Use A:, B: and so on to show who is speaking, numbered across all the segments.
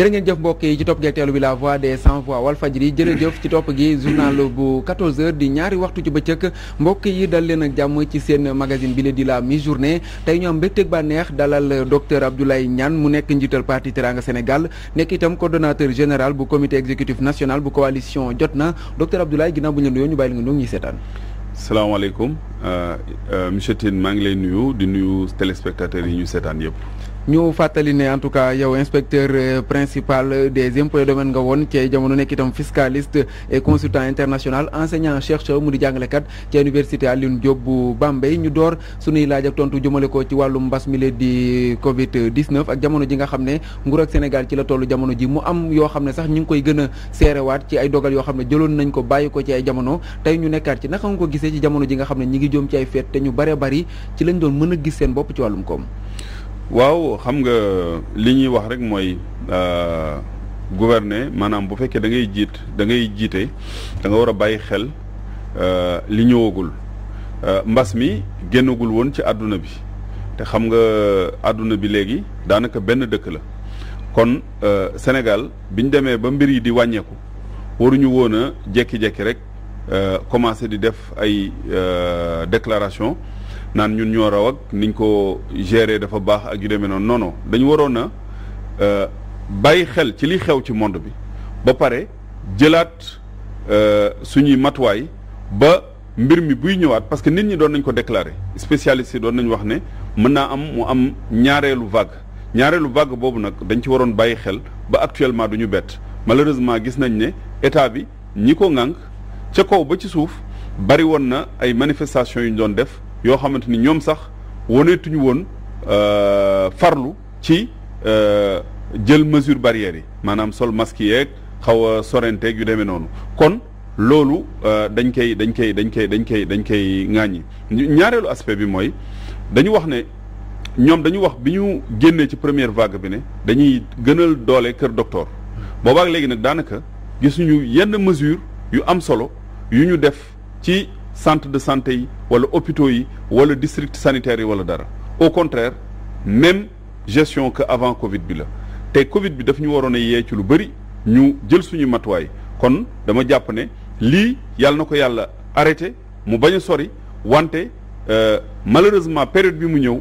A: jërë ngeen jëf mbokk yi ci topp geeg teelu bi la voix des sans voix Walfadjri jërëjëf ci topp gi journal bu 14h di ñaari waxtu ci bëccëg mbokk yi dal leen ak jàmm ci seen magasin bi la di la mi journée tey ñu am mbégteeg bànneex dalal docteur Abdoulaye Niane mu nekk njiital parti Teranga Sénégal nekk itam coordonnateur général bu comité exécutif national bu coalition jot na docteur Abdoulaye ginnaaw bu ñu nuyoo ñu bàyyi la nga ñuy seetaan.
B: salaamaaleykum euh, euh, monsieur Tine maa ngi lay nuyu di nuyu téléspectateurs yi ñu seetaan yëpp.
A: ñu fàttali ne en tout cas yow inspecteur euh, principal des impôts et nga woon ci jamono nekk itam fiscaliste et consultant international enseignant chercheur mu di jàngalekat ci université Alioune Diop bu Bambey ñu door suñuy laaj ak tontu jumale ko ci wàllum mbas mi leen di Covid 19 ak jamono ji nga xam ne nguur ak Sénégal ci la tollu jamono ji mu am yoo xam ne sax ñu ngi koy gën a seerewaat ci ay dogal yoo xam ne jëloon nañ ko bàyyi ko ci ay jamono tey ñu nekkaat ci naka nga ko gisee ci jamono ji nga xam ne ñi ngi jëm ci ay feet te ñu bare bari ci lañ doon mën a gis seen bopp ci wàllum koom.
B: waaw xam nga li ñuy wax rek mooy euh, gouverner maanaam bu fekkee da ngay jiit da ngay jiite da nga war a bàyyi xel euh, li ñëwagul euh, mbas mi génnagul woon ci àdduna bi te xam nga àdduna bi léegi daanaka benn dëkk la kon Sénégal bi ñu demee ba mbir yi di wàññeeku waruñu woon a jékki-jékki rek commencé di def ay déclaration naan ñun ñoo raw ak niñ ko gérer dafa baax ak yu demee noonu non dañu waroon a euh, bàyyi xel ci li xew ci monde bi ba pare jëlaat euh, suñuy matuwaay ba mbir mi buy ñëwaat parce que nit ñi doon nañ ko déclarer spécialiste yi doon nañu wax ne mën naa am mu am ñaareelu vague ñaareelu vague boobu nag dañ ci waroon bàyyi xel ba actuellement duñu bett malheureusement gis nañ ne état bi ñi ko ŋànk ca kaw ba ci suuf bari woon na ay manifestations yu ñu doon def yoo xamante ni ñoom sax woneetuñu woon euh, farlu ci euh, jël mesure barrières yi maanaam sol masque yeeg xaw a sorenteeg yu demee noonu kon loolu euh, dañ koy dañ koy dañ koy dañ koy dañ koy ŋàññi ñaareelu aspect bi mooy dañu wax ne ñoom dañu wax bi ñu génnee ci première vague bi ne dañuy gënal doole kër docteur boobaak léegi nag daanaka gisuñu yenn mesure yu am solo yu ñu def ci centre de santé yi wala hôpitaux yi wala district sanitaire yi wala dara au contraire même gestion que avant Covid bi la te Covid bi daf ñu waroon a yee ci lu bëri ñu jël suñu matuwaay kon dama jàpp ne lii yàlla na ko yàlla arrêté mu bañ a sori wante euh, malheureusement période bi mu ñëw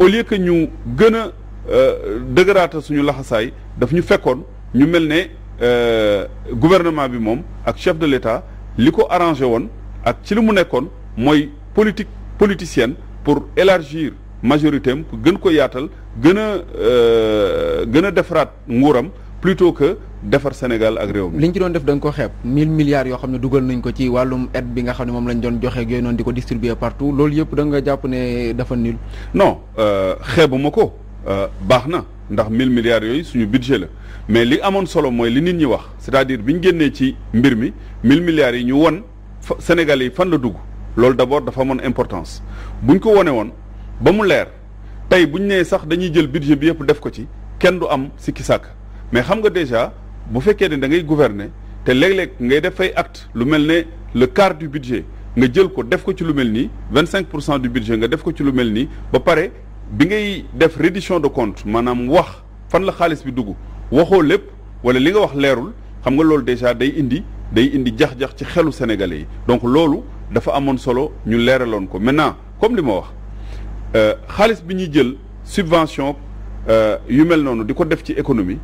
B: au lieu que ñu gën a euh, dëgëraata suñu laxasaay daf ñu fekkoon ñu mel ne euh, gouvernement bi moom ak chef de l'État li ko arrangé woon ak ci li mu nekkoon mooy politique politicienne pour élargir majorité am gën ko yaatal gën a euh, gën a defaraat nguuram plutôt que defar Sénégal ak réew mi.
A: li ñu ci doon def da nga ko xeeb 1000 milliards yoo xam ne dugal nañ ko ci wàllum aide bi nga xam ne moom lañ doon joxe ak yooyu noonu di ko distribuer partout loolu yëpp da nga jàpp ne dafa nul. non euh, xeebu ma ko euh, baax na ndax 1000 milliards yooyu suñu budget la mais li
B: amoon solo mooy li nit ñi wax cest à diir bi ñu génnee ci mbir mi 1000 milliards yi ñu won Sénégal yi fan la dugg loolu d'abord dafa amoon importance buñ ko wone woon ba mu leer tey buñ nee sax dañuy jël budget bi yëpp def ko ci kenn du am sikki sàkk mais xam nga déjà bu fekkee ne da ngay gouverner te léeg-léeg ngay def fay acte lu mel ne le quart du budget nga jël ko def ko ci lu mel nii vingt cinq pour cent du budget nga def ko ci lu mel nii ba pare bi ngay def reddition de compte maanaam wax fan la xaalis bi dugg waxoo lépp wala li nga wax leerul xam nga loolu déjà day indi day indi jax-jax ci xelu sénégalais yi donc loolu dafa amoon solo ñu leeraloon ko maintenant comme li ma wax euh, xaalis bi ñuy jël subvention euh, yu mel noonu di ko def ci économie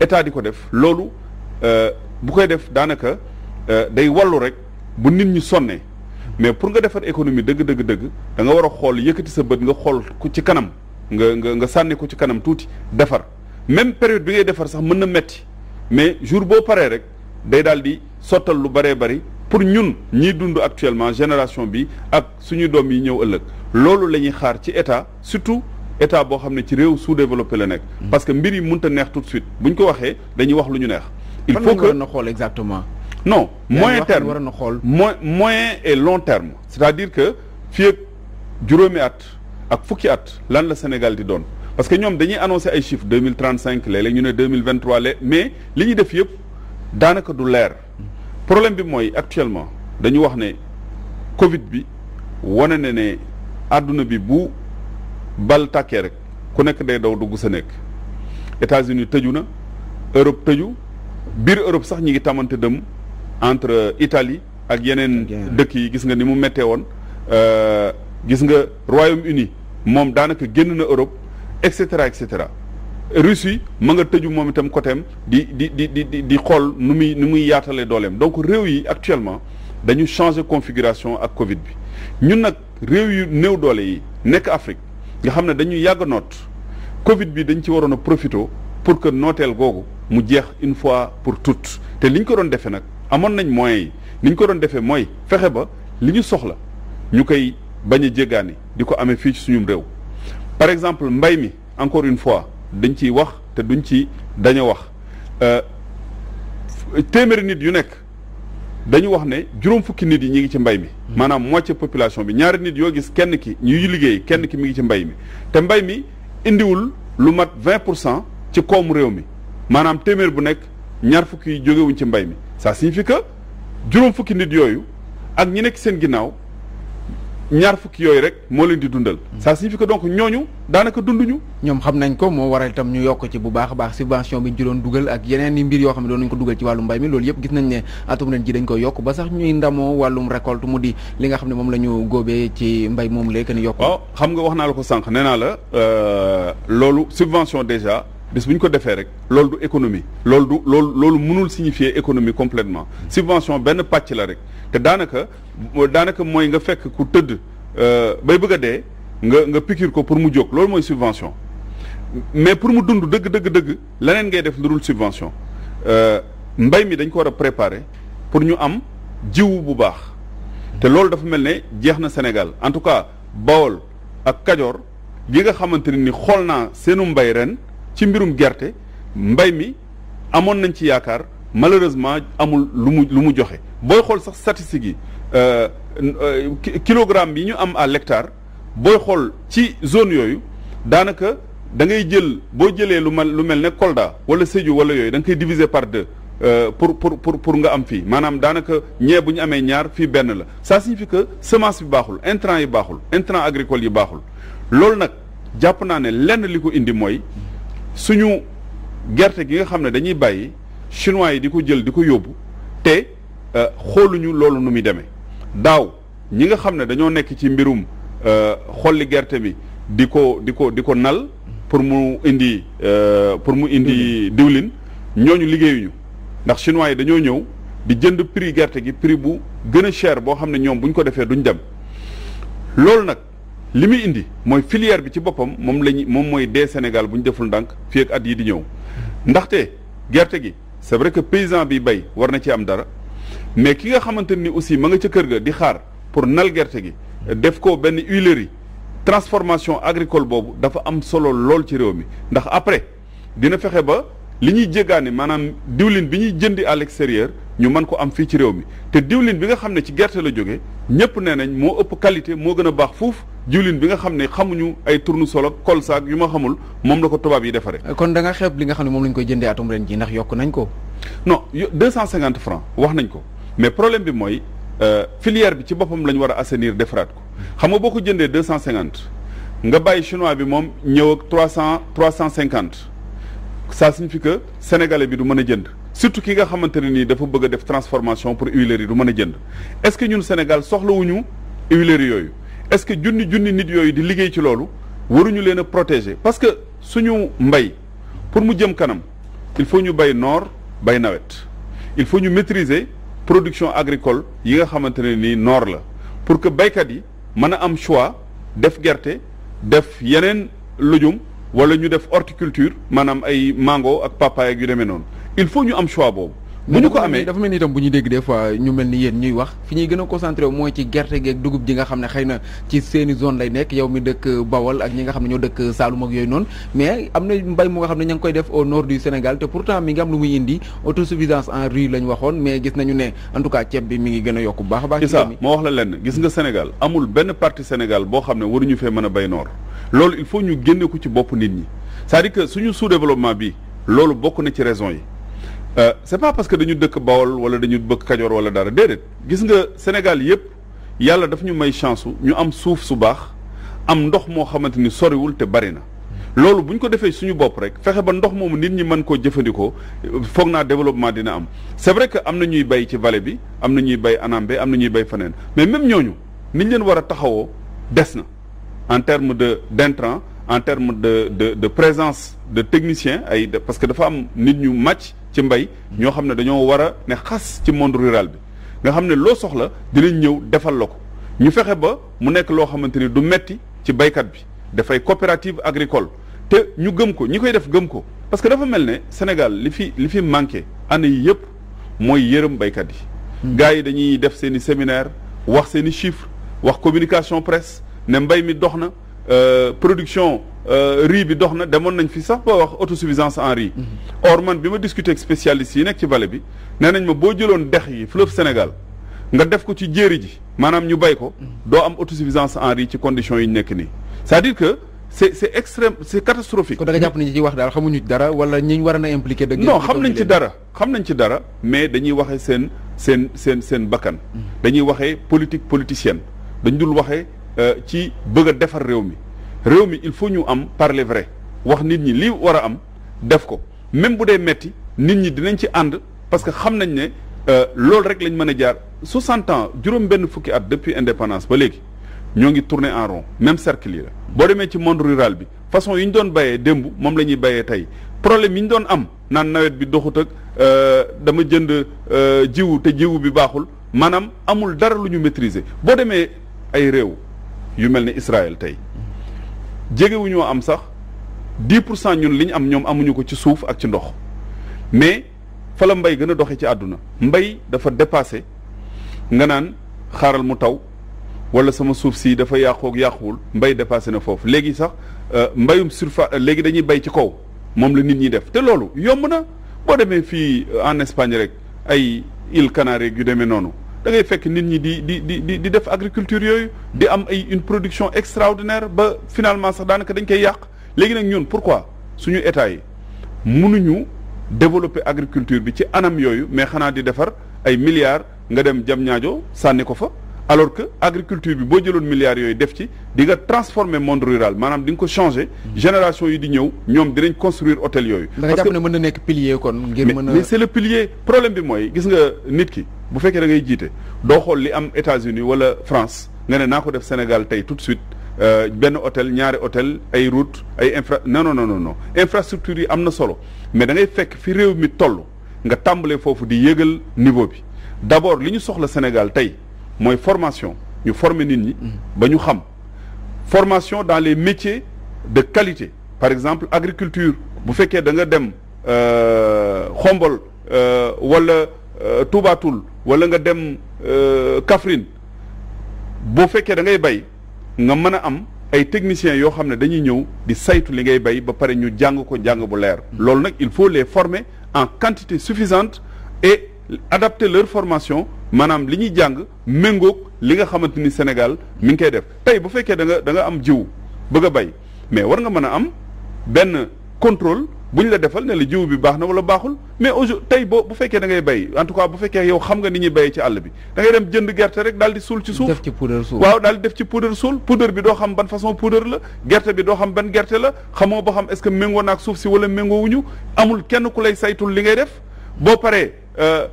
B: état di ko def loolu euh, bu koy def daanaka day wallu rek bu nit ñu sonnee mais pour nga defar économie dëgg dëgg dëgg da nga war a xool yëkkati sa bët nga xool ci kanam nga nga nga sànni ko ci kanam tuuti defar même période bi ngay defar sax mën na metti mais jour boo paree rek. day daal di sottal lu baree bari pour ñun ñiy dund actuellement génération bi ak suñu doom yi ñëw ëllëg loolu la ñuy xaar ci état surtout état boo xam ne ci réew sous-développé la nekk. Mm. parce que mbir yi mënta neex tout de suite buñ ko waxee dañuy wax lu ñu neex. il faut que na xool exactement. non moyen terme waroon na xool moyen moyen et long terme. c'est-à-dire que fii ak juróomi at ak fukki at lan la Sénégal di doon parce que ñoom dañuy annoncer ay chiffres deux mille trente cinq léeg ñu ne deux mille vingt trois mais li ñu def yëpp. daanaka du leer problème bi mooy actuellement dañu wax ne Covid bi wane na ne àdduna bi bu bal tàkkee rek ku nekk day daw dugg sa nekk États-Unis tëju na Europe tëju biir Europe sax ñi ngi tamante dem entre Italie ak yeneen dëkk yi gis nga ni mu méttee woon euh, gis nga Royaume-Uni moom daanaka génn na Europe et cetera et cetera Russie ma nga tëju moom itam côté am di di di di di xool nu muy nu muy yaatalee dooleem donc réew yi actuellement dañu changer configuration ak Covid bi ñun nag réew yu néew doole yi nekk Afrique nga xam ne dañu yàgg noot Covid bi dañu ci waroon a profité pour que nooteel googu mu jeex une fois pour toutes te li ñu ko doon defee nag amoon nañ moyens yi ni ñu ko doon defee mooy fexe ba li ñu soxla ñu koy bañ a jéggaani di ko amee fii ci suñu réew par exemple mbay mi encore une fois. dañ ciy wax te duñ ci dañ a wax euh, téeméeri nit yu nekk dañu wax ne juróom fukki nit yi ñu ngi ci mbay mi hmm. maanaam moitié population bi ñaari nit yoo gis kenn ki ñu ñuy liggéey kenn ki mu ngi ci mbay mi te mbay mi indiwul lu mat vingt pour cent ci koomu réew mi maanaam téeméer bu nekk ñaar fukki yi jógewuñ ci mbay mi ça signifie que juróom fukki nit yooyu
A: ak ñi nekk seen ginnaaw ñaar fukki yooyu rek moo leen di dundal. Mm. ça signifie que donc ñooñu daanaka dunduñu. ñoom xam nañ ko moo waral itam ñu yokk ci bu baax a baax subvention bi ñu ci doon dugal ak yeneen i mbir yoo xam ne doon nañ ko dugal ci wàllum mbay mi loolu yëpp gis nañ ne atum ren ji dañ ko yokk ba sax ñuy ndamoo wàllum récolte mu di li nga xam ne moom la ñu góobee ci mbay moom léegi ni yokk. waaw oh, xam nga wax naa la ko sànq nee naa
B: la euh, loolu subvention déjà. bis bu ñu ko defee rek loolu du économie loolu du loolu loolu mënul signifier économie complètement subvention benn pàcc la rek te daanaka daanaka mooy nga fekk ku tëdd euh, bay bëgg a dee nga nga piqûre ko pour mu jóg loolu mooy subvention mais pour mu dund dëgg dëgg dëgg leneen ngay def lu dul subvention euh, mbay mi dañ ko war a préparer pour ñu am jiw bu baax te loolu dafa mel ne jeex na Sénégal en tout cas Bawol ak Kajoor gi nga xamante ne ni xool naa seenu mbay ren ci mbirum gerte mbay mi amoon nañ ci yaakaar malheureusement amul lu mu lu mu joxe booy xool sax statistiques yi euh, euh, kilogramme yi ñu am à l'hectare booy xool ci zone yooyu daanaka da ngay jël boo jëlee lu mel lu mel ne Kolda wala Sédhiou wala yooyu da nga koy diviser par deux euh, pour pour pour pour nga am fii maanaam daanaka ñee bu ñu amee ñaar fii benn la ça fi que semence bi baaxul intrant yi baaxul intrant agricole yi baaxul loolu nag jàpp naa ne lenn li ko indi mooy suñu gerte gi nga xam ne dañuy bàyyi chinois yi di ko jël di ko yóbbu te euh, xooluñu loolu nu muy demee daaw ñi nga xam ne dañoo nekk ci mbirum euh, xolli gerte bi di ko di ko di ko nal pour mu indi euh, pour mu indi diwlin ñooñu liggéeyuñu ndax chinois yi dañoo ñëw di jënd prix gerte gi prix bu gën a cher boo xam ne ñoom buñ ko defee duñ dem loolu nag li muy indi mooy filière bi ci boppam moom lañu moom mooy dee Sénégal bu ñu deful ndànk fii ak at yi di ñëw ndaxte gerte gi c'est vrai que paysan bi bay war na ci am dara mais ki nga xamante ni aussi ma nga ca kër ga di xaar pour nal gerte gi def ko benn huilerie transformation agricole boobu dafa am solo lool ci réew mi ndax après dina fexe ba li ñuy jéggaane maanaam diwlin bi ñuy jëndi à ñu mën ko am fii ci réew mi te diwlin bi nga xam ne ci gerte la jóge ñëpp nee nañ moo ëpp qualité moo gën a baax fuuf diwlin bi nga xam ne xamuñu ay solo kol kolsaak yu ma xamul moom la ko tubaab yi defaree.
A: kon da nga xeeb li nga xam ne moom la ñu koy jëndee atum ren ji ndax yokk
B: nañ ko. no deux cent cinquante francs wax nañ ko mais problème bi mooy euh, filière bi ci boppam la ñu war a assainir defaraat ko xam nga boo ko jëndee deux cent cinquante nga bàyyi chinois bi moom ñëw ak trois cent trois cent cinquante ça signifie que sénégalais bi du mën a jënd. surtout ki nga xamante ne nii dafa bëgg def transformation pour huileries yi du mën a jënd est-ce que ñun Sénégal soxlawuñu huileries yooyu. est-ce que junni junni nit yooyu di liggéey ci loolu waruñu leen a protéger parce que suñu mbay pour mu jëm kanam il faut ñu bay noor bay nawet il faut ñu maîtriser production agricole yi nga xamante ne nii noor la pour que baykat yi mën a am choix def gerte def yeneen lujum wala ñu def horticulture maanaam ay mango ak papaye ak yu demee noonu
A: il faut ñu am choix boobu bu ñu ko amee dafa mel ni itam bu ñu dégg des fois ñu mel ni yéen ñuy wax fi ñuy gën a concentré mooy ci gerte geeg dugub ji nga xam ne xëy na ci seeni zone lay nekk yow mi dëkk Bawol ak ñi nga xam ne ñoo dëkk Saalum ak yooyu noonu mais am na mbay mu nga xam ne ña ngi koy def au nord du Sénégal te pourtant mi ngi am lu muy indi autosuffisance en riz lañ waxoon mais gis nañu ne en tout cas ceeb bi mi ngi gën a yokk bu baax a baax ci ça
B: moo wax la lenn gis nga Sénégal amul benn partie Sénégal boo xam ne waruñu fee mën a bay noor loolu il faut ñu génne ko ci bopp nit ñi cest à que suñu sous-développement bi loolu bokk na ci raison yi Euh, c'est pas parce que dañu dëkk Bawol wala dañu bëgg Kajoor wala dara déedéet gis nga Sénégal yëpp yàlla dafa ñu may chance ñu am suuf su baax am ndox moo xamante ni soriwul te bari na. loolu bu ñu ko defee suñu bopp rek fexe ba ndox moomu nit ñi mën koo jëfandikoo foog naa développement dina am c'est vrai que am na ñuy bay ci vallée bi am na ñuy bay Anambé am na ñuy bay feneen mais même ñooñu ni ñu leen war a taxawoo des na en terme de d'intrant en terme de de de présence de technicien ay parce que dafa am nit ñu màcc. ci mbay ñoo xam ne dañoo war a ne xas ci monde rural bi nga xam ne loo soxla dinañ ñëw defal la ko ñu fexe ba mu nekk loo xamante ni du metti ci baykat bi dafay coopérative agricole te ñu gëm ko ñi koy def gëm ko parce que dafa mel ne Sénégal li fi li fi manqué année yi yëpp mooy yërëm baykat yi hmm. gars yi dañuy def seeni i wax seen i chiffres wax communication presse ne mbay mi dox na Euh, production euh, riz bi dox na demoon nañ fi sax ba wax autosuffisance en riz. Mhm. or man bi ma discuter ak yi nekk ci vale bi neenañ nañ ma boo jëloon dex yi fleuve Sénégal nga def ko ci jéeri ji maanaam ñu bay ko mhm. doo am autosuffisance en riz ci conditions yi ñu nekk nii c'est-à-dire que c'est
A: c'est extrême c'est catastrophique. da jàpp ni ñu ci wax daal xamuñu dara wala ñu war na impliqué. dëgg non xam nañ ci dara
B: xam nañ ci dara mais dañuy waxee seen seen seen seen bakkan. Mhm. dañuy waxee politique politicienne dañ dul waxee. Euh, ci bëgg a defar réew mi réew mi il faut ñu am parler vrai wax nit ñi li war a am def ko même bu dee metti nit ñi dinañ ci ànd parce que xam nañ ne euh, loolu rek lañ mën a jaar soixante ans juróom benn fukki at depuis indépendance ba léegi ñoo ngi tourner en rond même cercle yi la boo demee ci monde rural bi façon yi ñu doon bayee démb moom la ñuy bayee tey problème yi ñu doon am naan nawet bi doxut ak euh, dama jënd jiwu te jiwu bi baaxul maanaam amul dara lu ñu maîtriser boo demee ay réew yu mel ni Israël tey jegewuñoo am sax dix pour cent ñun li ñu am ñoom amuñu ko ci suuf ak ci ndox mais fa la mbay gën a doxee ci àdduna mbay dafa dépassé nga naan xaaral mu taw wala sama suuf sii dafa yàqoog yàquwul mbay dépassé na foofu léegi sax euh, mbayum surface euh, léegi dañuy bay ci kaw moom la nit ñi def te loolu yomb na boo demee fii euh, en Espagne rek ay îles Canaries yu demee noonu da ngay fekk nit ñi di di di di def agriculture yooyu di am ay une production extraordinaire ba finalement sax daanaka dañ koy yàq léegi nag ñun pourquoi suñu état yi mënuñu développer agriculture bi ci anam yooyu mais xanaa di defar ay milliards nga dem jam ñaajo sànni ko fa alors que agriculture bi boo jëloon milliards yooyu def ci dinga nga transformer monde rural maanaam di nga ko changer mm-hmm. génération yi di ñëw ñoom dinañ construire hôtel yooyu. parce que ne
A: mën na nekk pilier kon. ngir a mais c'est
B: le pilier problème bi mooy gis nga nit ki bu fekkee da ngay jiite doo xool li am États-Unis wala France nga ne naa ko def Sénégal tey tout de suite. Euh, benn hôtel ñaari hôtel ay route ay infra non non non non infrastructure yi am na solo mais da fekk fi réew mi toll nga tàmbalee foofu di yëgal niveau bi d'abord li ñu soxla Sénégal tey mooy formation ñu former nit ñi ba ñu xam formation dans les métiers de qualité par exemple agriculture bu fekkee da nga dem Xombol euh, euh, wala euh, Touba Toul wala nga dem Kaffrine boo fekkee da ngay bay nga mën a am ay techniciens yoo xam ne dañuy ñëw di saytu li ngay bay ba pare ñu jàng ko jàng bu leer loolu nag il faut les former en quantité suffisante et adapté leur formation maanaam li ñuy jàng méngook li nga xamante ni Sénégal mi ngi koy def tey bu fekkee danga danga am jiw bëgg a bay mais war nga mën a am benn contrôle bu ñu la defal ne la jiw bi baax na wala baaxul mais aujourd'hui tey boo bu fekkee da ngay bay en tout cas bu fekkee yow xam nga ni ñuy béyee ci àll bi da ngay dem jënd gerte rek daal di suul
A: ci suuf. ci poudre suul waaw
B: daal di def ci poudre suul poudre bi doo xam ban façon poudre la gerte bi doo xam ban gerte la xamoo boo xam est-ce que méngoo naag suuf si wala méngoo wuñu amul kenn ku lay saytul li ngay def boo paree Euh,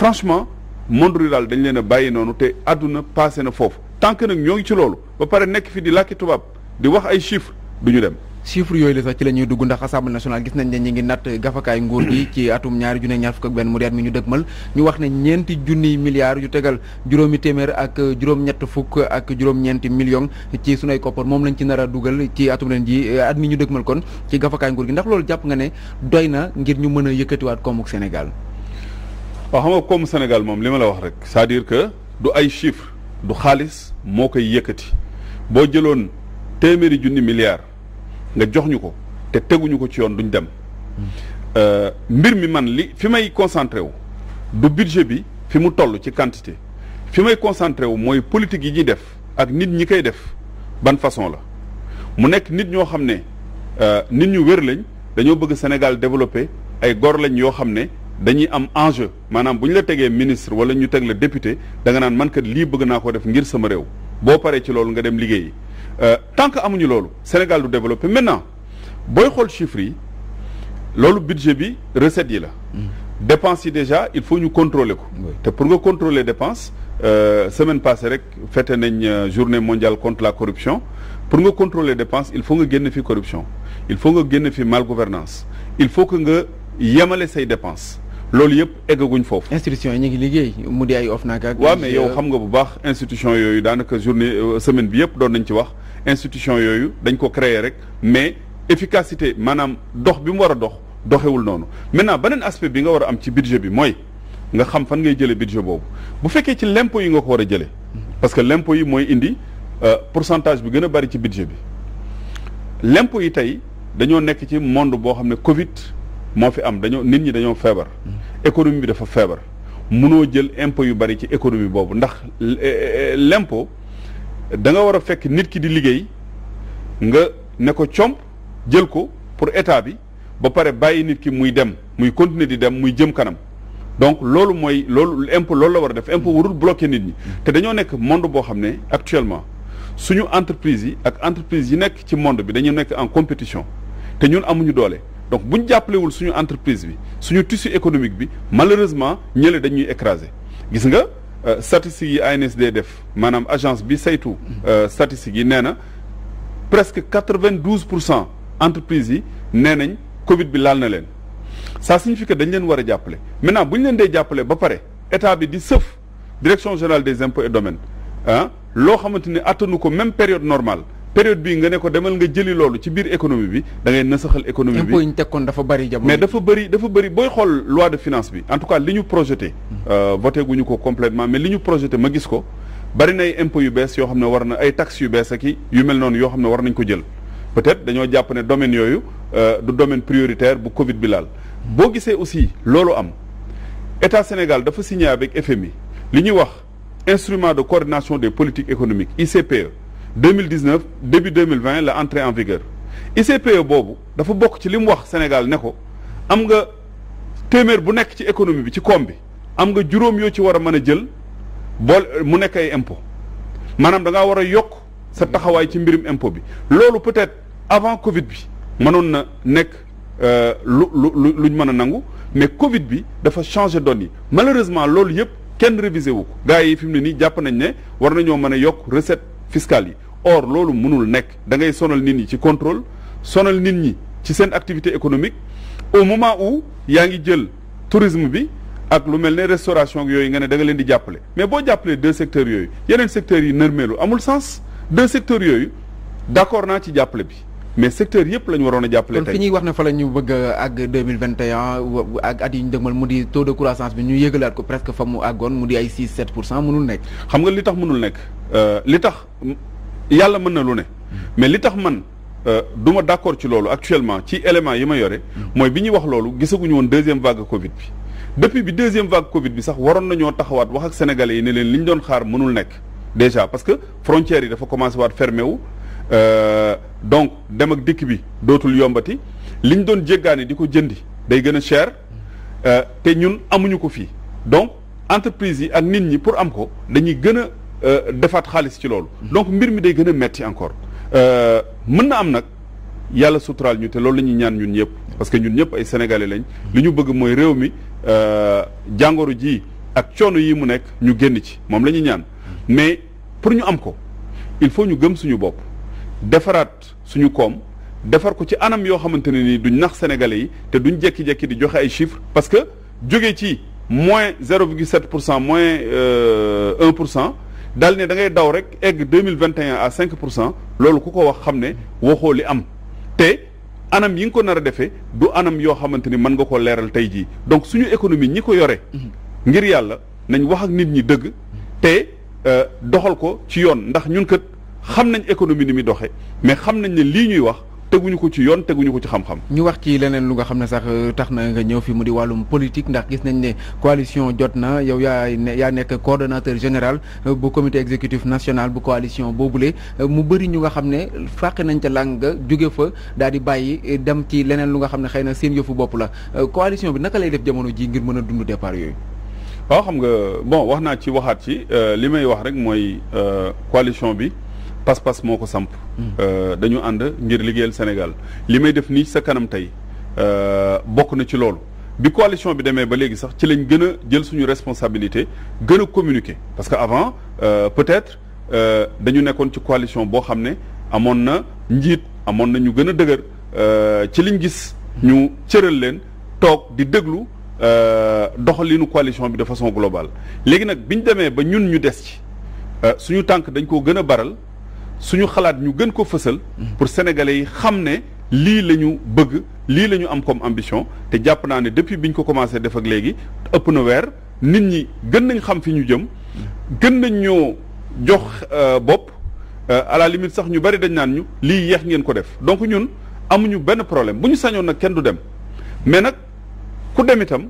B: franchement monde rural dañu leen a bàyyi noonu te àdduna passé na foofu tant que nag ñoo ngi ci loolu ba pare nekk fi di làkki tubaab di wax ay chiffres du ñu dem.
A: chiffres yooyu la sax ci la ñuy dugg ndax assemblée nationale gis nañ ne ñi ngi natt gafakaay nguur gi ci atum ñaari junne ñaar fukk ak mu deet mi ñu dëgmal ñu wax ne ñeenti junniy milliards yu tegal juróomi téeméer ak juróom fukk ak juróom-ñeenti millions ci sunay koppar moom lañ ci nar a dugal ci atum ren ji eh, at mi ñu mal kon ci gafakaay nguur gi ndax loolu jàpp nga ne doy na ngir ñu mën a yëkkatiwaat koomuk Sénégal
B: waaw xam nga comme Sénégal moom li ma la wax rek c'est-à-dire que du ay chiffres du xaalis moo koy yëkkati boo jëloon téeméeri junni milliards nga jox ñu ko te teguñu ko ci yoon duñ dem euh, mbir mi man li fi may concentré wu du budget bi fi mu toll ci quantité fi may concentré wu mooy politique yi ñuy def ak nit ñi koy def ban façon la mu nekk nit ñoo xam ne euh, nit ñu wér lañ dañoo bëgg Sénégal développé ay gor lañ yoo xam ne dañuy am enjeu maanaam bu ñu la tegee ministre wala ñu teg la député da nga naan man kat lii bëgg naa ko def ngir sama réew boo paree ci loolu nga dem liggéey euh, tant que amuñu loolu Sénégal du développé maintenant booy xool chiffres yi loolu budget bi recettes yi la. Mm. dépenses yi déjà il faut ñu contrôler ko. te pour nga contrôler dépense euh, semaine passée rek fête nañ euh, journée mondiale contre la corruption pour nga contrôler dépense il faut nga génn fi corruption il faut nga génn fi malgouvernance il faut que nga yemale say dépenses.
A: loolu yëpp eggaguñ foofu. institution yi ñu ngi liggéey mu di ay OFNAC ak. waaw mais yow euh, xam
B: nga bu baax institution yooyu daanaka journée euh, semaine bi yëpp doon nañ ci wax institution yooyu dañ ko créer rek mais efficacité maanaam dox bi mu war a dox doxewul noonu maintenant beneen aspect bi nga war a am ci budget bi mooy nga xam fan ngay jëlee budget boobu bu fekkee ci lempo yi nga ko war a jëlee. parce que l'impôt yi mooy indi euh, pourcentage bi gën a bari ci budget bi l'impôt yi tey dañoo nekk ci monde boo xam ne Covid. moo fi am dañoo nit ñi dañoo feebar économie bi dafa feebar munoo jël impôt yu bari ci économie boobu ndax eh, eh, eh, l'impôt da nga war a fekk nit ki di liggéey nga ne ko comp jël ko pour état bi ba pare bàyyi nit ki muy dem muy continuer di dem muy jëm kanam donc loolu mooy loolu impôt loolu la war a def impôt warul bloquer nit ñi te dañoo nekk monde boo xam ne actuellement suñu entreprise yi ak entreprise yi nekk ci monde bi dañu nekk en compétition te ñun amuñu doole donc bu ñu jàppalewul suñu entreprise bi suñu tissu économique bi malheureusement ñële dañuy écraser gis nga euh, statistiques yi ANSD def maanaam agence bi saytu euh, statistiques yi nee na presque quatre-vingt-douze pour cent entreprise yi nee nañ Covid bi laal na leen sa signifie que dañ leen war a jàppale maintenant buñ leen dee jàppale ba pare état bi di sëf direction générale des impôts et domaines ah loo xamante ni attanu ko même période normal période bii nga ne ko demal nga jëli loolu ci biir économie bi da ngay nasaxal économie bi
A: ñu tekkoon dafa bëri jamono mais
B: dafa bari dafa bari booy xool loi de finance bi en tout cas li ñu projeté hmm. euh, voté guñu ko complètement mais li ñu projeté ma gis ko bari na ay impôt yu bees yoo xam ne war na ay taxes yu bees ak yu mel noonu yoo xam ne war nañ ko jël peut-être dañoo jàpp ne domaine yooyu euh, du domaine prioritaire bu Covid bi laal boo gisee aussi loolu am état Sénégal dafa signé avec FMI li ñuy wax instrument de coordination des politiques économiques ICPE 2019 début 2020 la entrée en vigueur ICPE boobu dafa bokk ci li mu wax senegal ne ko am nga téeméer bu nekk ci économie bi ci koom bi am nga juróom yoo ci war a mën a jël bool mu nekk ay impôt maanaam da ngaa war a yokk sa taxawaay ci mbirum impôt bi loolu peut-être avant Covid bi mënoon na nekk euh, lu lu lu luñ mën a nangu mais Covid bi dafa changé donne yi malheureusement loolu yëpp kenn révisé wu ko gars yi fi mu ne nii jàpp nañ ne war nañoo mën a yokk recette fiscales yi or loolu mënul nekk da ngay sonal nit ñi ci contrôle sonal nit ñi ci seen activité économique au moment où yaa ngi jël tourisme bi ak lu mel ne restauration yooyu nga ne da nga leen di jàppale mais boo jàppalee deux secteurs yooyu yeneen secteurs yi nërmeelu amul sens deux secteurs yooyu d'accord naa ci jàppale bi mais secteur yëpp la ñu waroon a jàppale tey fi ñuy
A: wax ne fa la ñu bëgg ak deux at yi ñu dëgmal mu di taux croissance bi ñu yëgalaat ko presque fa mu àggoon mu di ay six sept pour cent mënul nekk. xam nga li tax mënul
B: nekk euh, li tax yàlla mën na lu ne hmm. mais li tax man. Euh, du ma d'accord ci loolu actuellement ci élément yi ma yore hmm. mooy bi ñuy wax loolu gisaguñu woon deuxième vague Covid bi depuis bi deuxième vague Covid bi sax waroon nañoo taxawaat wax ak sénégalais yi ne leen li ñu doon xaar mënul nekk déjà parce que frontières yi dafa commencé waat fermé wu Euh, donc dem ak dikk bi dootul yombati li ñu doon jéggaani di ko jëndi day gën a cher euh, te ñun amuñu ko fii donc entreprise yi ak nit ñi pour am ko dañuy gën a euh, defaat xaalis ci loolu mm-hmm. donc mbir mi day gën a metti encore mën na am nag yàlla suturaal ñu te loolu la ñuy ñaan ñun ñëpp parce que ñun ñëpp ay sénégalais lañ mm-hmm. li ñu bëgg mooy réew mi jàngoro ji ak coono yi mu nekk ñu génn ci moom la ñuy ñaan mm-hmm. mais pour ñu am ko il faut ñu gëm suñu bopp defaraat suñu koom defar ko ci anam yoo xamante ne nii duñ nax sénégalais yi te duñ jékki-jékki di joxe ay chiffres parce que jóge ci moins 0,7 pour cent moins 1 euh, pour cent daal ne da ngay daw rek egg 2021 à 5 pour cent loolu ku ko wax xam ne waxoo li am te anam yi nga ko nar a defee du anam yoo xamante ni mën nga ko leeral tey jii donc suñu économie ñi ko yore ngir yàlla nañ wax ak nit ñi dëgg te euh, doxal ko ci yoon ndax ñun kat xam nañ économie ni muy doxee mais xam nañ ne lii ñuy wax teguñu ko ci yoon teguñu ko ci xam-xam.
A: ñu wax ci leneen lu nga xam ne sax euh, tax na nga ñëw fi mu di wàllum politique ndax gis nañ ne coalition jot na yow yaa yaa nekk coordonnateur général euh, bu comité exécutif national bu coalition boobule euh, mu bëri ñu nga xam ne fàq nañ ca làng jóge fa daal di bàyyi dem ci leneen lu nga xam ne xëy na seen yëfu bopp la coalition bi naka lay def jamono ji ngir mën a dund départ yooyu.
B: waaw xam nga bon wax naa ci waxaat ci li may wax rek mooy coalition bi. pas-pas moo ko samp. Euh, dañu ànd ngir liggéeyal Sénégal li may def nii sa kanam tey euh, bokk na ci loolu. bi coalition bi demee ba léegi sax ci lañ gën a jël suñu responsabilité gën a communiquer parce que avant euh, peut-être dañu nekkoon ci coalition boo xam ne amoon na njiit amoon na ñu gën a dëgër ci liñ gis ñu cëral leen toog di déglu doxalinu coalition bi de façon globale léegi nag bi ñu demee ba ñun ñu des ci suñu tànk dañ koo gën a baral suñu xalaat ñu gën ko fësal pour sénégalais yi xam ne lii la ñu bëgg lii la ñu am comme ambition te jàpp naa ne depuis bi ñu ko commencé def ak léegi ëpp na weer nit ñi gën nañ xam fi ñu jëm gën nañ ñoo jox euh, bopp euh, à la sax ñu bari dañ naan ñu lii yeex ngeen ko def donc ñun amuñu benn problème bu ñu sañoon nag kenn du dem mais nag ku dem itam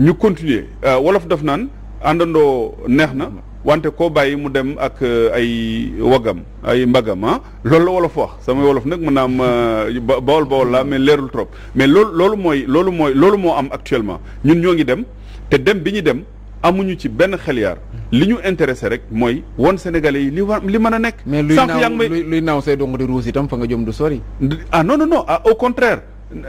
B: ñu continuer euh, wolof daf naan àndandoo neex na wante koo bàyyi mu dem ak euh, ay wagam ay mbagam ah loolu la wolof wax sama wolof nag mën naa am euh, bawol bawol la mais leerul trop mais loolu loolu mooy loolu mooy loolu moo am actuellement ñun ñoo ngi dem te dem bi ñu dem amuñu ci benn xeliyaar li ñu intéressé rek mooy won sénégalais yi li war li mën a nekk. sànq yaa ngi may
A: mais luy naaw say dong di ruus itam fa nga jëm du sori. ah non
B: non non ah au contraire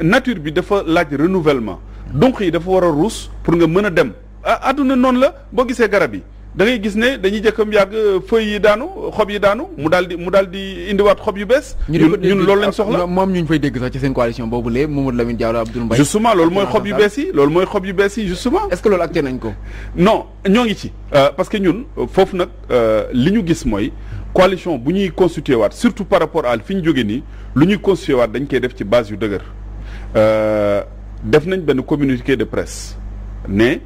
B: nature bi dafa laaj renouvellement donc yi dafa war a ruus pour nga mën a dem ah adduna noonu la boo gisee garab yi. da gis ne dañuy jëkkam yàgg feuilles yi daanu xob yi daanu mu daal di mu daal di indiwaat xob yu bees. ñun lool loolu lañ soxla ah,
A: moom ñu fay dégg sax ci seen coalition boobu lee Mamadou Lamine Diallo Abdoul Mbaye. justement loolu mooy xob yu bees yi
B: loolu mooy xob yu bees yi justement. est-ce que loolu acté nañ ko. non ñoo ngi ci. Euh, parce que ñun euh, foofu nag euh, li ñu gis mooy coalition bu ñuy constitué waat surtout par rapport à fi ñu jógee nii lu ñuy constitué waat dañ koy def ci base yu dëgër def nañ benn communiqué de presse ne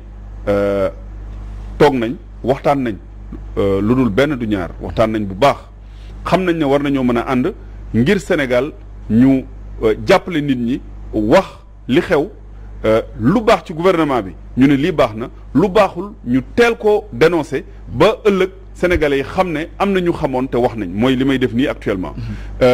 B: toog nañ. waxtaan nañ euh, lu dul benn du ñaar waxtaan nañ bu baax xam nañ ne war nañoo mën a ànd ngir Sénégal ñu euh, jàppale nit ñi wax li xew euh, lu baax ci gouvernement bi ñu ne lii baax na lu baaxul ñu teel ko dénoncé ba ëllëg sénégalais yi xam ne am na ñu xamoon te wax nañ mooy li may def nii actuellement. Mhm.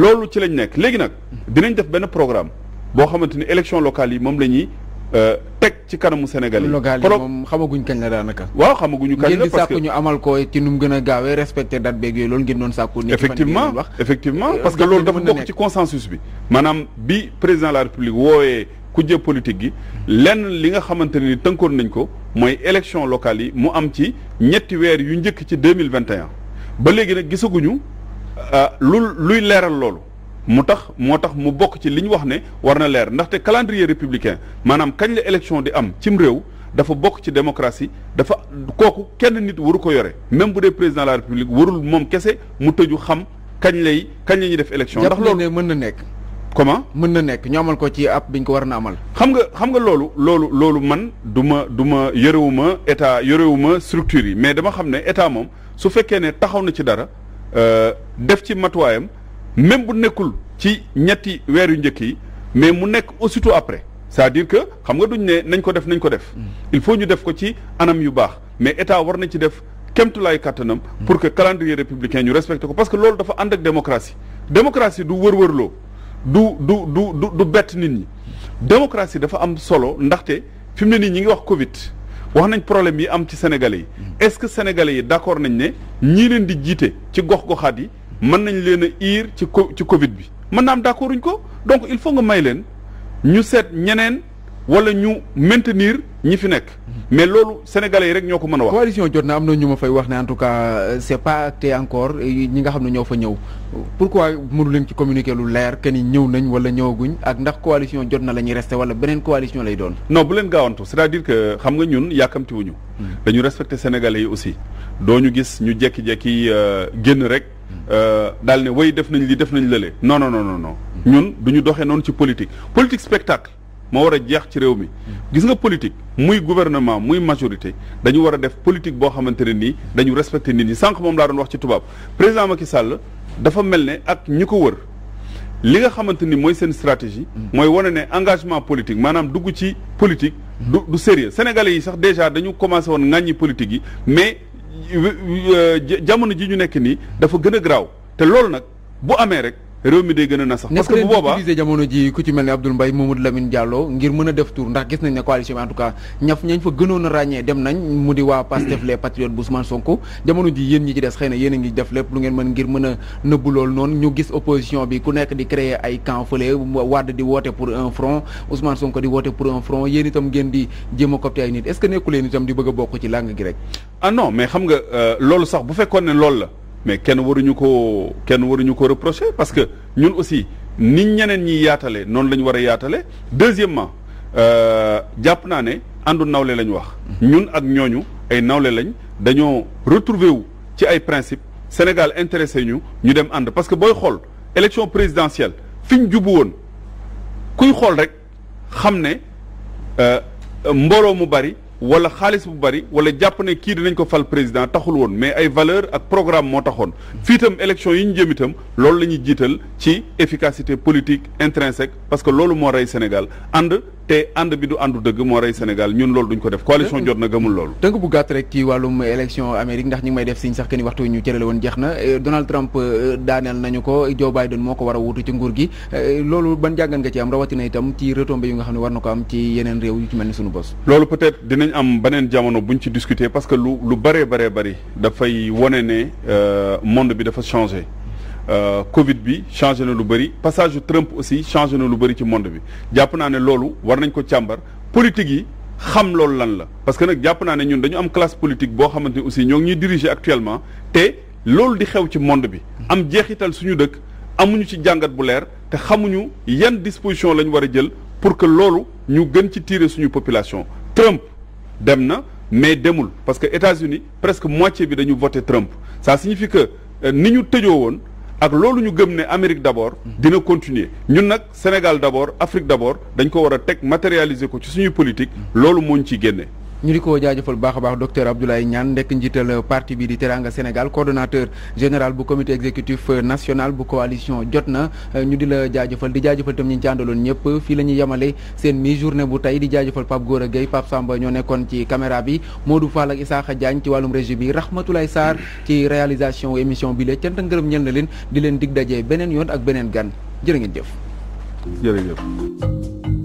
B: loolu ci lañ nekk léegi nag dinañ def benn programme boo xamante ni élection locale yi moom la ñuy Euh, teg ci kanamu
A: Sénégal yi. local yi moom xamaguñ kañ la daanaka. waaw xamaguñu kañ la parce que ngeen di sàkku ñu amal ko ci nu mu gën a gaawee respecté date beeg yooyu loolu ngeen doon sàkku. nekk effectivement effectivement euh, parce que loolu dafa bokk ci consensus bi.
B: maanaam bi président de la république woowee kujje politique gi lenn li nga xamante ni tënkoon nañ ko mooy élection locale yi mu am ci ñetti weer yu njëkk ci deux mille vingt et un ba léegi nag gisaguñu euh, lu luy leeral loolu. mu tax moo tax mu bokk ci li ñu wax ne war na leer ndaxte calendrier républicain maanaam kañ la élection di am cim réew dafa bokk ci démocratie dafa kooku kenn nit waru ko yore même bu dee président de la république warul moom kese mu tëju xam kañ lay kañ la ñuy def élection. ndax loolu mën na nekk.
A: comment mën na nekk ñu amal ko ci ab biñ ko war na amal.
B: xam nga xam nga loolu loolu loolu man du ma du ma yorewuma état yorewuma structure yi mais dama xam ne état moom su fekkee ne taxaw na ci dara euh, def ci matuwaayam. même bu nekkul ci ñetti weer yu njëkk yi mais mu nekk aussitôt après c'est-à-dire que xam nga duñ ne nañ ko def nañ ko def mm. il faut ñu def ko ci anam yu baax mais état war nañ ci def kemtulaay kàttanam mm. pour que calendrier républicain ñu respecté ko parce que loolu dafa ànd ak démocratie démocratie du wërwërloo du du du du du bett nit ñi démocratie dafa am solo ndaxte fi mu ne nii ñi ngi wax Covid wax nañ problème yi am ci Sénégalais yi mm. est-ce que Sénégalais yi d'accord nañ ne ñii leen di jiite ci gox-goxaat yi mën nañ leen a iir ci co ci Covid bi mën naa am d'accorduñ ko donc il faut nga may leen ñu seet ñeneen wala ñu maintenir
A: ñi fi nekk. Mm-hmm. mais loolu sénégalais yi rek ñoo ko mën a wax. coalition jot na am na ñu ma fay wax ne en tout cas euh, c'est pas acté encore ñi nga xam ne ñoo fa ñëw pourquoi mënu leen ci communiquer lu leer que ni ñëw nañ wala ñëwaguñ ak ndax coalition jot na la ñuy resté wala beneen coalition lay doon. non bu leen gaawantu c'est-à-dire
B: que nga ñun yàkkamtiwuñu mm-hmm. dañu respecté sénégalais yi aussi doo ñu gis ñu jékki-jékki euh, génn rek. Euh, daal ne way def nañ li def nañ lële non non no non ñun du ñu doxee noonu ci politique politique spectacle moo war a jeex ci réew mi gis nga politique muy gouvernement muy majorité dañu war a def politique boo xamante ne nii dañu respecter nit ñi sànq moom laa doon wax ci tubaab président Macky Sall dafa mel ne ak ñi ko wër li nga xamante ni mooy seen stratégie mooy wane ne engagement politique maanaam dugg ci politique du du sérieux yi sax déjà dañu commencé woon ŋàññi politique yi mais jamono ji ñu nekk nii dafa gën a garaaw te loolu nag bu amee rek réew mi day gën a na sax parce que bu boobaa
A: nekk a a ràññee dem nañ mu di jamono ji yéen ñi ci des xëy na yéen ngi def lépp lu ngeen mën ngir mën a nëbbu loolu noonu ñu gis bi ku nekk di créer ay camp fële Wade di woote pour un front Ousmane woote pour un front yéen itam ngeen di jéem a copter ay nit est-ce que di bëgg a bokk ci làng gi rek ah non mais xam nga euh, loolu sax bu fekkoon ne
B: loolu la mais kenn waruñu ko kenn waruñu ko reprocher parce que ñun aussi ni ñeneen ñi yaatale noonu la ñu war a yaatale deuxièmement euh, jàpp naa ne àndu nawle la ñu wax ñun ak ñooñu ay nawle lañ dañoo retrouver wu ci ay principe Sénégal intéressé ñu ñu dem ànd parce que booy xool élection présidentielle fi ñu jubu woon kuy xool rek xam ne euh, mbooloo mu bari wala xaalis bu bari wala jàpp ne kii dinañ ko fal président taxul woon mais ay valeur ak programme moo taxoon fiitam itam élection yi ñu jëm loolu la jiital ci efficacité politique intrinsèque parce que loolu moo rey Sénégal ànd te ànd bi du ànd dëgg moo rey Sénégal ñun loolu duñ ko def coalition jot na gëmul loolu
A: tënk bu gàtt rek ci wàllum élection Amérique ndax ñi may def siñ sax que ni waxtu ñu cërale woon jeex na euh, Donald Trump euh, daaneel nañu ko Joe moo ko war a wuutu ci nguur gi euh, loolu ban jàngan nga ci am rawatina itam ci retombées yu nga xam ne war na ko am ci yeneen réew yu ci mel ni suñu bos
B: loolu peut-être dinañ am beneen jamono ñu ci discuter parce que lu lu bëree bëree bëri dafay wone ne monde bi dafa changé Euh, Covid bi changé na lu bari passage yu Trump aussi changé na lu bëri ci monde bi jàpp naa ne loolu war nañ ko càmbar politique yi xam loolu lan la parce que nag jàpp naa ne ñun dañu am classe politique boo xamante ne aussi ñoo ngi ñuy diriger actuellement te loolu di xew ci monde bi am jeexital suñu dëkk amuñu ci jàngat bu leer te xamuñu yan disposition lañ war a jël pour que loolu ñu gën ci tiire suñu population Trump dem na mais demul parce que États-Unis presque moitié bi dañu voté Trump ça signifie que euh, ni ñu tëjoo woon ak loolu ñu gëm ne Amérique d' abord mm-hmm. dina continuer ñun nag Sénégal d' abord Afrique d' abord dañ ko war a teg matérialiser ko ci suñu politique mm-hmm. loolu moo ñu ci génne
A: ñu di ko jaajëfal baax a baax docteur Abdoulaye ñaan ndekk njiital parti bi di Teranga Sénégal coordonnateur général bu comité exécutif national bu coalition jot na ñu di la jaajëfal di jaajëfal tam ñi ñu ci àndaloon ñëpp fii la ñuy yemale seen mi journée bu tey di jaajëfal Pape Gora Gueye Pape Samba ñoo nekkoon ci caméra bi moo Modou Fall ak Isaaxa Diagne ci wàllum régie bi Rahmatulaay Sarr ci réalisation émission bi la cant ak ngërëm ñeel na leen di leen dig daje beneen yoon ak beneen gan jërë ngeen jëf jërëjëf